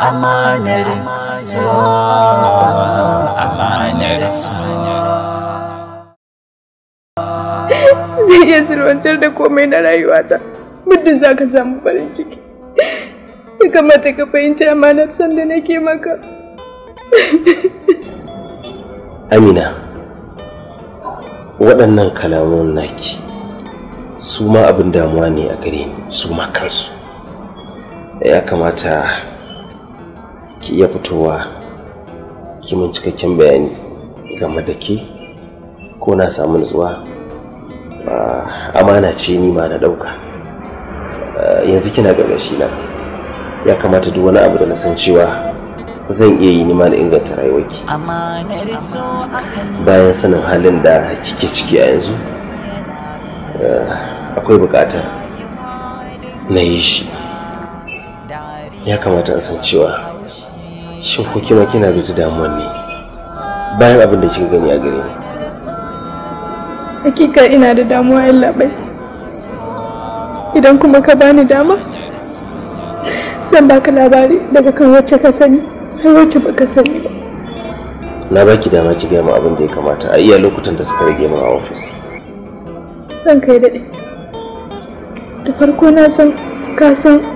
amanar zai iya zirwantar da komai na rayuwata muddin za ka samu farin ciki ya kamata ka fahimci amanar son da nake maka amina waɗannan kalamun naki su ma abin damuwa ne a gare ni su ma kansu ya kamata ki iya fitowa ki mun cikakken bayani game da ke ko na samu nutsuwa ah, amana ce ni ma na ɗauka ah, yanzu kina gargashi na ya kamata duk wani abu da na san cewa zan iya yi nima da inganta rayuwarki bayan sanin halin da kike ciki a yanzu ah, akwai buƙatar na yi shi ya kamata na san cewa shin ko kima kina da damuwan ne bayan abin da kika gani a gare ni hakika ina da damuwa yan labai idan kuma ka bani dama zan baka labari daga kan wacce ka sani kai wacce baka sani ba na baki dama ki gaya mu abin da ya kamata a iya lokutan da suka rage min a ofis zan kai daɗe da farko na san ka san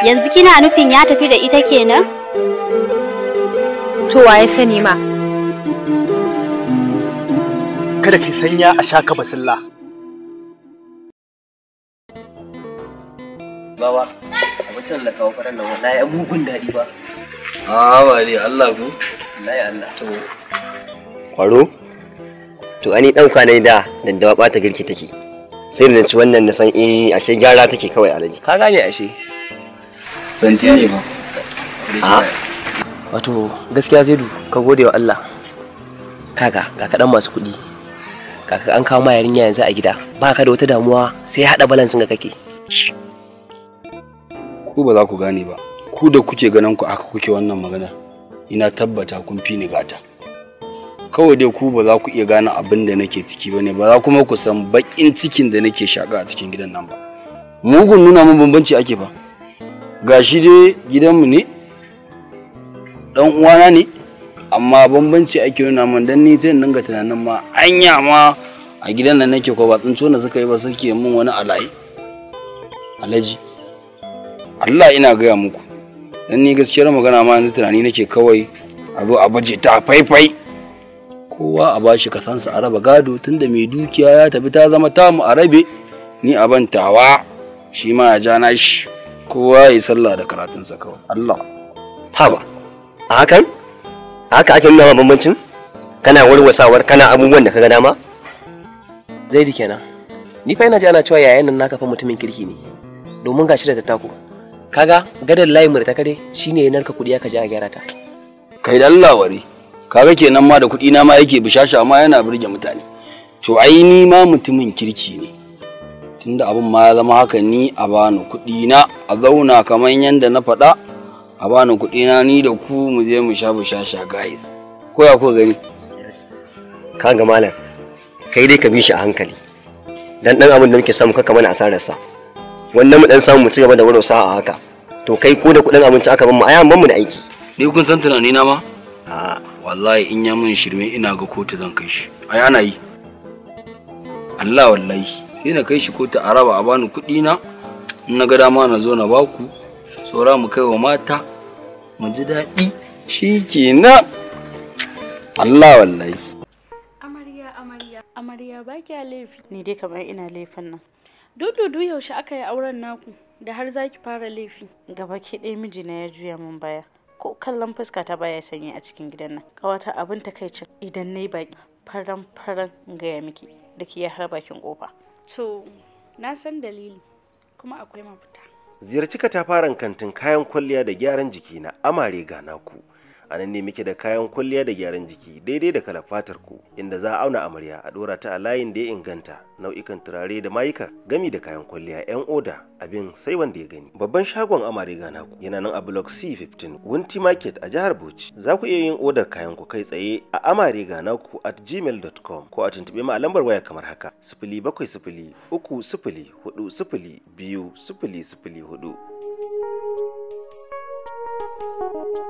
yanzu kina nufin ya tafi da ita kenan? To waye sani ma. Kada kai sanya a sha ka basilla. Baba, abincin da kawo faran nan wallahi ya mugun daɗi ba. Ah, wali Allah ku. Wallahi Allah. To. Kwaro? To ani ɗauka ne da daddawa ɓata girki take. Sai da ci wannan na san eh ashe gyara take kawai alaji. Ka gane ashe. ban ne ba wato gaskiya zaidu ka gode wa Allah kaga ga kaɗan masu kuɗi kaka an kawo ma yarinya yanzu a gida ba ka da wata damuwa sai haɗa balansin ga kake ku ba za ku gane ba ku da kuke ganin ku aka kuke wannan magana ina tabbata kun fi ni gata kawai dai ku ba za ku iya gane abin da nake ciki ba ne ba za kuma ku san baƙin cikin da nake shaka a cikin gidan nan ba mugun nuna mun bambanci ake ba Ga shi dai gidanmu ne dan uwana ne amma bambanci ake nuna min dan ni zai dinga tunanin ma anya ma a gidan nan nake ko ba tsinto na suka yi ba suke mun wani alai alaji Allah ina gaya muku dan ni gaskiyar magana ma yanzu tunani nake kawai a zo a baje ta faifai kowa a bashi kasansa a raba gado tunda mai dukiya ya tafi ta zama tamu a rabe ni a bantawa shi ma ya ja na shi kowa ya sallah da karatun sa kawai Allah ba? a hakan a haka ake nuna bambancin kana warwasawar kana abubuwan da ka ga dama zai da kenan ni fa ina ji ana cewa yayan nan naka fa mutumin kirki ne domin gashi da tattako kaga gadar layin murta kare shine ya narka kudi aka ji a gyara ta kai da Allah wari kaga kenan ma da kudi na ma yake bishasha ma yana burge mutane to ai ni ma mutumin kirki ne tunda abin ma ya zama haka ni a bani kuɗi na a zauna kamar yadda na faɗa a bani kuɗi na ni da ku mu je mu sha mu sha sha guys ko ya ko gani ka ga malam kai dai ka bi shi a hankali dan dan abin da muke samu kaka mana asarar sa wannan mu dan samu mu ci gaba da wurin sa a haka to kai ko da kuɗin abinci aka ban mu ayan ban mu da aiki ni kun san tunani na ma a wallahi in ya mun shirme ina ga kotu zan kai shi ai ana yi Allah wallahi sai na kai shi kotu a raba a bani kuɗi na in na ga dama na zo na baku tsora mu kai wa mata mu ji daɗi shi kenan Allah wallahi amarya amarya amarya ba ki laifi ni dai kamar ina laifin nan dududu yaushe aka yi auren naku da har zaki fara laifi gaba baki ɗaya mijina ya juya min baya ko kallon fuska ta baya sanyi a cikin gidan nan kawata abin takaicin idan na yi baki faran faran gaya miki da ya har bakin kofa To, na san dalili kuma akwai mafita. Ziyarci fara kantin kayan kwalliya da gyaran jiki na amare ga naku. a nan ne muke da kayan kwalliya da gyaran jiki daidai da kala fatar ku inda za a auna amarya a dora ta a layin da ya inganta nau'ikan turare da mayuka gami da kayan kwalliya yan oda abin sai wanda ya gani babban shagon amare gana ku yana nan a block c15 wunti market a jihar bauchi za ku iya yin odar kayan ku kai tsaye a amare gana ku at gmail.com ko a tuntuɓe mu a lambar waya kamar haka sifili bakwai sifili uku sifili hudu sifili biyu sifili sifili hudu thank you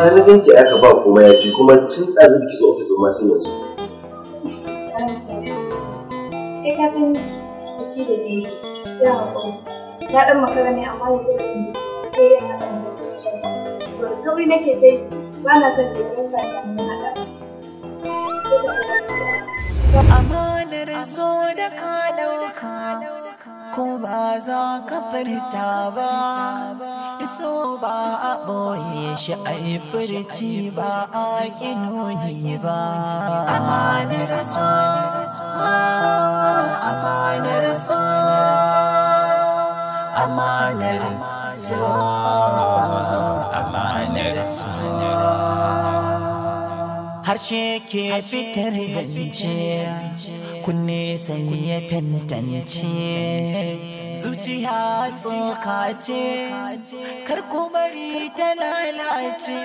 na na aka ba kuma ya ki kuma tun ɗazu ki zo ofis ma yanzu. Kai ka san jiki da jini sai a hakuri. Na ɗan makara ne amma yanzu da jini sai ya haɗa da jini. Wani sauri nake sai ba na son da yanka da na haɗa. Amanar zo da ka ɗauka ko ba za ka furta ba. iso ba a ɓoye shi a yi furci ba a ƙinoni ba amanar so amanar so amanar so amanar so harshe ke fitar zance kunne sai tantance zuciya tsoka kace kar bari ta lalace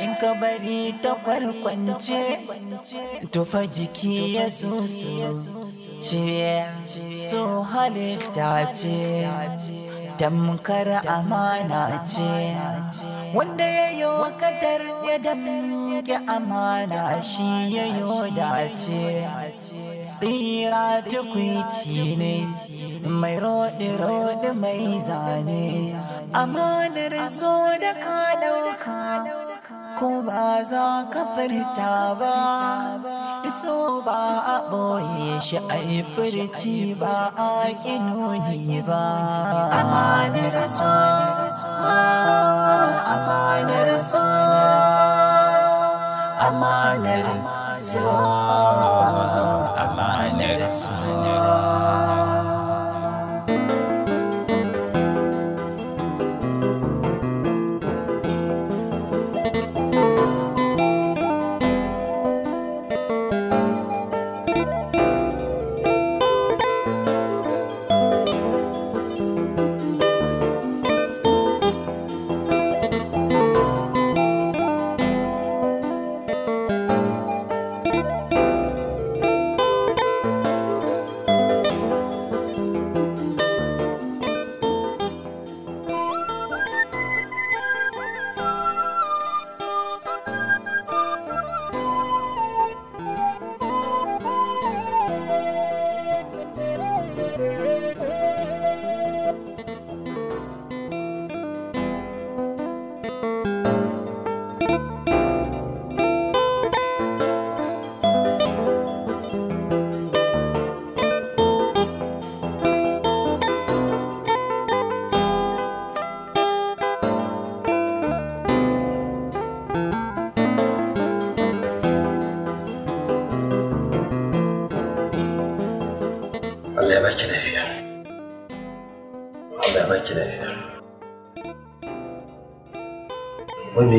in ka bari ta kwarkwance tufa jiki ya zusu ce so halitta ce tamkar amana ce wanda ya yi kadar ya damke amana shi ya yi dace tsira tukwici ne mai roɗe-roɗe mai zane amanar zo da ka ɗauka ko ba za ka farta ba Iso ba a ɓoye shi a yi furci ba a ƙi nuni ba amanar so amanar so amanar so amanar so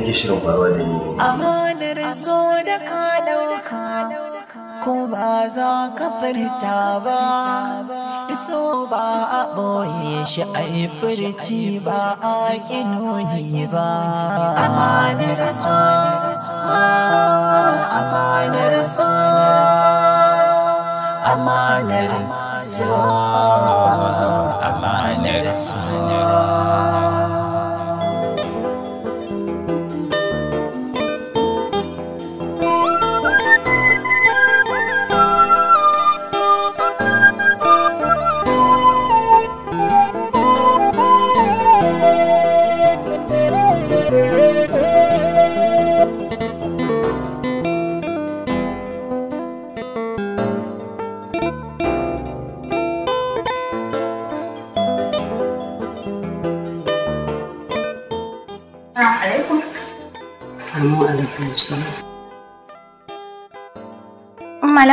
yake shirin faruwa da ni ne. Amanar zo da ka ɗauka ko ba za ka furta ba. Iso ba a ɓoye shi a yi furci ba a ƙi nuni ba. Amanar so, amanar so, amanar so, amanar so.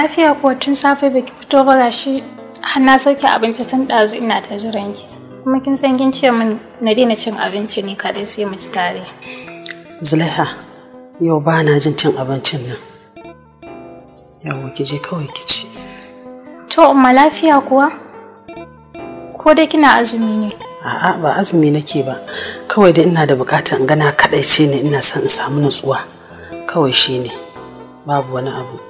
lafiya kuwa tun safe baki fito ba gashi har na sauke abinci tun ɗazu ina ta jiran ki. Kuma kin san kin ce min na daina cin abinci ne kaɗai sai mu ci tare. Zulaiha, yau ba na jin cin abincin nan. Yawo ki je kawai ki ci. To, amma lafiya kuwa? Ko dai kina azumi ne? A'a ba azumi nake ba, kawai da ina da buƙatar in gana kaɗai ce ne ina son in samu nutsuwa. Kawai shi ne, babu wani abu.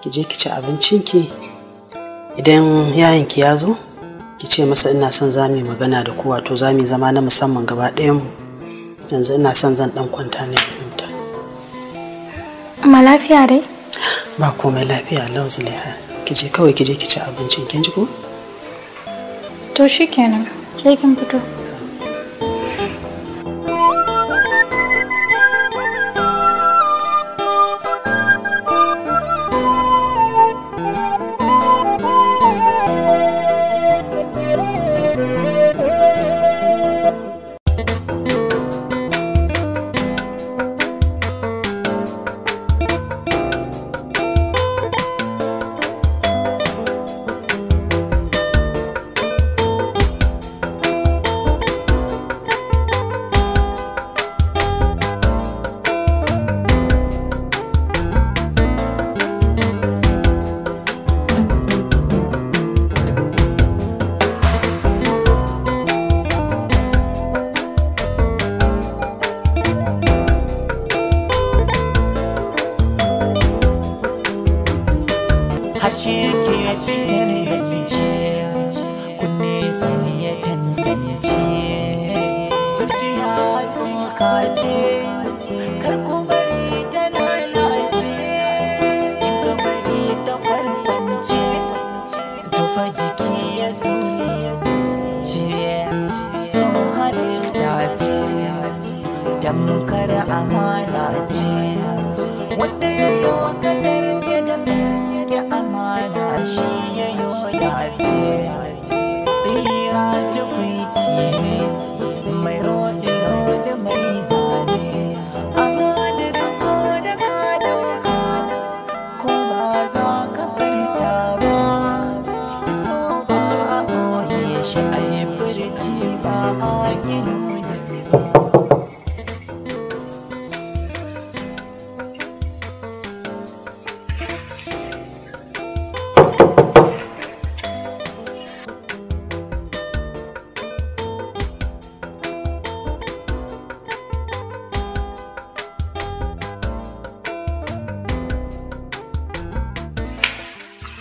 ki je ki ci abincinki idan yayinki ya zo ki ce masa ina son za mu magana da ku wato za mu zama na musamman gaba ɗayan mu yanzu ina son zan dan kwanta ne huta amma lafiya dai ba komai lafiya lau zuliha ki je kawai ki je ki ci abincin kin ji ko to shikenan sai kin fito she can't, she can't. I do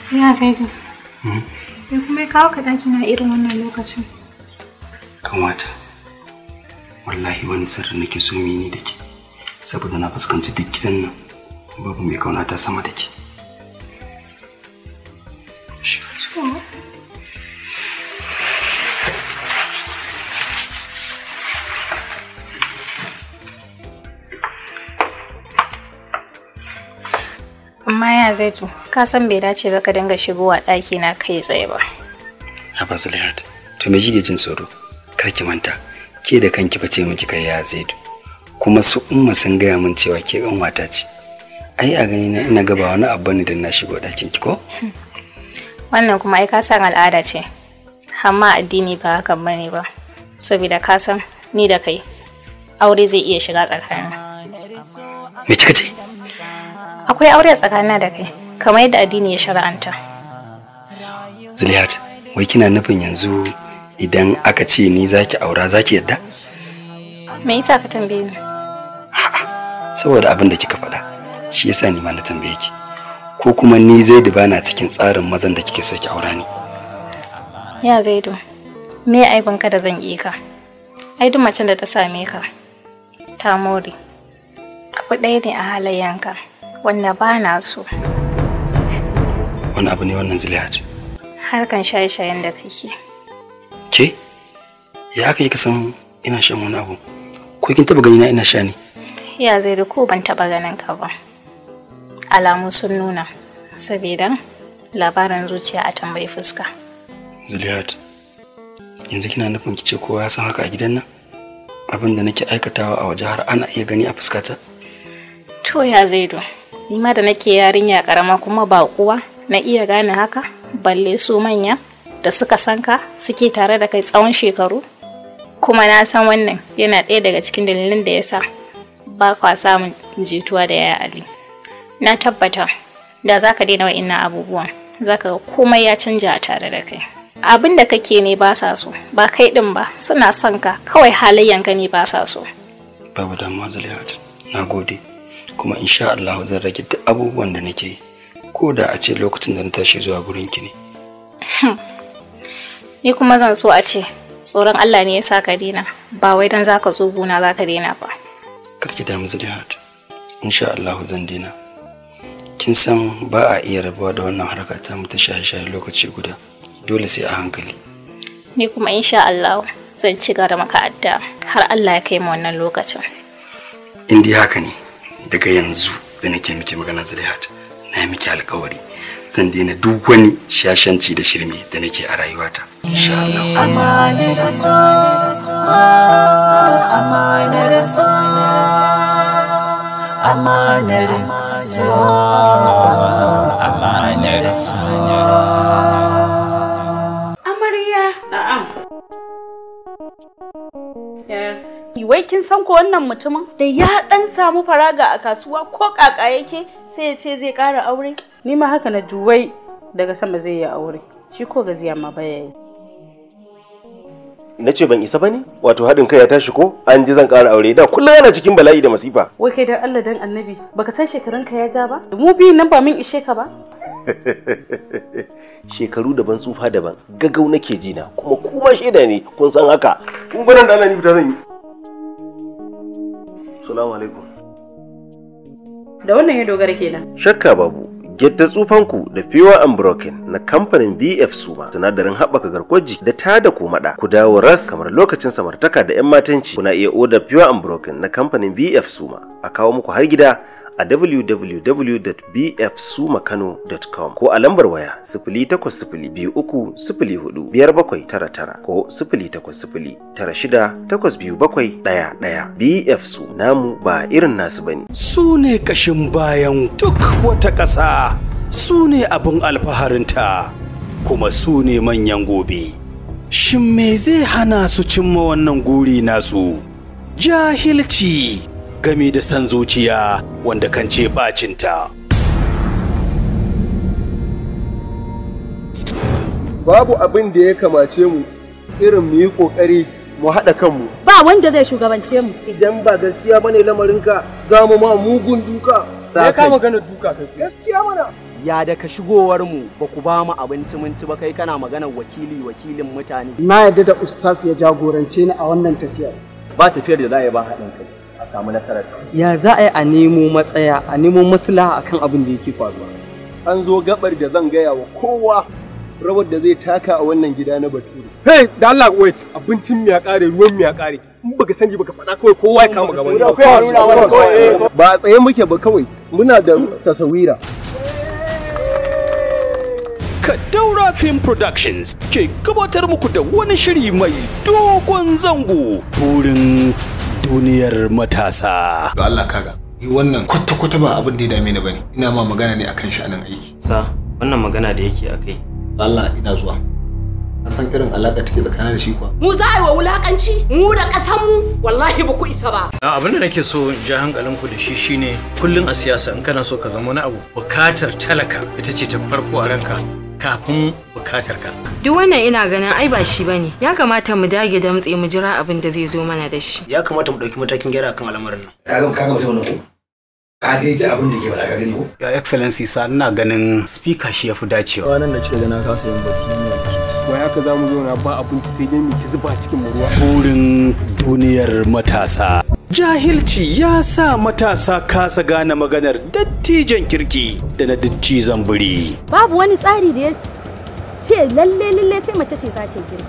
Ya Zaidu. Ya hmm? kuma ya kawo ka daki na irin wannan lokacin. Kamata. Wallahi wani sirri nake so mini da ke. Saboda na fuskanci duk gidan nan babu mai kauna ta sama da zaitu ka san bai dace ba ka dinga shigowa ɗaki na kai tsaye ba A zulihat to me kike jin tsoro kar ki manta ke da kanki ba ce miki kai ya zaitu kuma su umma sun gaya min cewa ke kanwata ce ai a gani na ina gaba wani abu ne da na shigo ɗakin ki ko wannan kuma ai ka san al'ada ce amma addini ba hakan bane ba saboda ka san ni da kai aure zai iya shiga tsakanin me kika ce akwai aure tsakanina da kai kamar yadda addini ya shara'anta ziliyat wai kina nufin yanzu idan aka ce ni zaki aura zaki yadda me yasa ka tambaye ni saboda abin da kika faɗa shi yasa ni ma na tambaye ki ko kuma ni zai zaidu bana cikin tsarin mazan da kike so ki aura ni ya zaidu me aibin ka da zan yi ka ai duk macen da ta same ka ta more abu ɗaya ne a halayyanka wanda ba na so. Wani abu ne wannan Zulihat? Harkan shaye-shayen da kake. Ke? Ya aka yi kasan ina shan wani abu? Ko kin taba ganina ina sha ne? Ya zai da ko ban taba ganin ka ba. Alamu sun nuna, saboda labarin zuciya a tambayi fuska. Ziliyat, yanzu kina nufin ki ce kowa ya san haka a gidan nan? Abin da nake aikatawa a waje har ana iya gani a fuskata? To ya zai do. Nima da nake yarinya karama kuma ba kuwa na iya gane haka balle su manya da suka san ka suke tare da kai tsawon shekaru kuma na san wannan yana ɗaya daga cikin dalilin da ya sa ba kwa samun jituwa da yaya ali na tabbata da za ka daina wa'innan abubuwan za ka ga komai ya canja a tare da kai abin da kake ne ba sa so ba kai ɗin ba suna son ka kawai halayyanka ne ba sa so babu damuwa zaliyat na gode kuma insha Allah zan rage duk abubuwan da nake yi ko da a ce lokacin da na tashi zuwa gurin ki ne hmm. ni kuma zan so a ce tsoron Allah ne ya sa ka dina ba wai dan zaka zo gona zaka dina ba karki da muzu hat insha Allah zan dina kin san ba a iya rabuwa da wannan harka ta mu ta shaye-shaye lokaci guda dole sai a hankali ni kuma insha Allah zan ci gaba da maka adda har Allah ya kai mu wannan lokacin in haka ne daga yanzu da nake miki magana Zulaihat na miki alkawari zan daina duk wani shashanci da shirme da nake a rayuwata insha Allah amanar so so so so amarya na'am yeah wai kin san ko wannan mutumin da ya dan samu faraga a kasuwa ko kaka yake sai ya ce zai kara aure ni ma haka na juwai daga sama zai yi aure shi ko gaziya ma baya yi na ce ban isa ba ne wato haɗin kai ya tashi ko an ji zan ƙara aure da kullum yana cikin bala'i da masifa wai kai dan Allah dan annabi baka san shekarun ka ya ja ba mu biyun nan ba min ishe ka ba shekaru daban tsufa daban gagau nake jina kuma kuma shaida ne kun san haka kun gwanan da Allah ni fita zan yi Assalamu alaikum. Da wannan ya dogara kenan. Shakka babu. gyadda tsufanku da Pure broken na kamfanin BF Suma sinadarin haɓaka garkuwar jiki da ta da komaɗa ku dawo ras kamar lokacin samartaka da 'yan matanci kuna iya odar Pure broken na kamfanin BF Suma a kawo muku har gida a www.bfsumakano.com ko a lambar waya tara-tara. ko 08096727111 BF su namu ba irin nasu bane su ne kashin bayan duk wata ƙasa su ne abin alfaharinta kuma su ne manyan gobe shin me zai hana su cimma wannan guri nasu jahilci gami da san zuciya wanda kan ce bacinta. Babu abin da ya kamace mu irin mu yi ƙoƙari mu haɗa kanmu. Ba wanda zai shugabance mu. Idan ba gaskiya ba ne lamarinka za mu ma mugun duka. Ya kama gana duka kai. Gaskiya mana. Ya daga shigowar mu ba ku ba mu abinci minci ba kai kana maganar wakili wakilin mutane. Na yadda da ustaz ya jagorance ni a wannan tafiyar. Ba tafiyar da za a yi ba haɗin kai. a samu nasarar ya za a yi a nemo matsaya a nemo maslaha akan abin da yake faruwa an zo gabar da zan gaya wa kowa rawar da zai taka a wannan gida na bature hey da Allah wait abincin miya ya kare ruwan miya ya kare in baka sani baka faɗa kawai kowa ya kama gaban ba a tsaye muke ba kawai muna da tasawira Kadaura Film Productions ke gabatar muku da wani shiri mai dogon zango burin duniyar matasa. Ga Allah kaga, yi wannan kwata-kwata ba abin da ya dame ni bane. Ina ma magana ne akan anan aiki. Sa, wannan magana da yake akai. Allah ina zuwa. Na san irin alaƙa take tsakanin da shi kuwa. Mu za a yi wa wulakanci mu da ƙasan mu wallahi ba ku isa ba. Na abin da nake so in ja hankalin ku da shi shine kullun a siyasa in kana so ka zama wani abu bukatar talaka ita ce ta farko a ranka. kafin bukatar ka. Duk wannan ina ganin ai ba shi bane. Ya kamata mu dage damtse mu jira abin da zai zo mana da shi. Ya kamata mu ɗauki matakin gyara kan al'amarin nan. Kaga kaga mutum ne ko? ka dai ji abin da ke faɗa ka gani ko ya excellency sa ina ganin speaker shi yafi dacewa ranan da cika gana ka sayan bacci ne wai haka zamu zo na ba abinci sai dai mu ki zuba cikin ruwa burin duniyar matasa jahilci ya sa matasa kasa gane maganar dattijan kirki da na dattijan biri babu wani tsari da ya ce lalle lalle sai mace ce za ta girki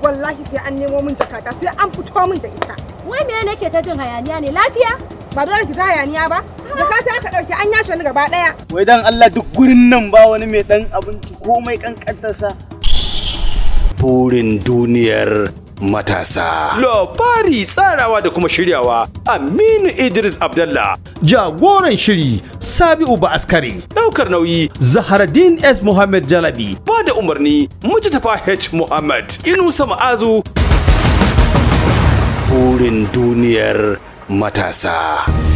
wallahi sai an nemo min jakata sai an fito min da ita wai me nake ta jin hayaniya ne lafiya ba dole ki ta hayaniya ba da ka ta aka dauki an yashe ni gaba daya wai dan Allah duk gurin nan ba wani mai dan abinci ko komai kankantarsa burin duniyar matasa labari tsarawa da kuma shiryawa Aminu Idris Abdallah jagoran shiri Sabi'u ba askari daukar nauyi Zaharaddin S Muhammad Jalabi ba da umarni Mujtafa H Muhammad Inusa Ma'azu burin duniyar matasa.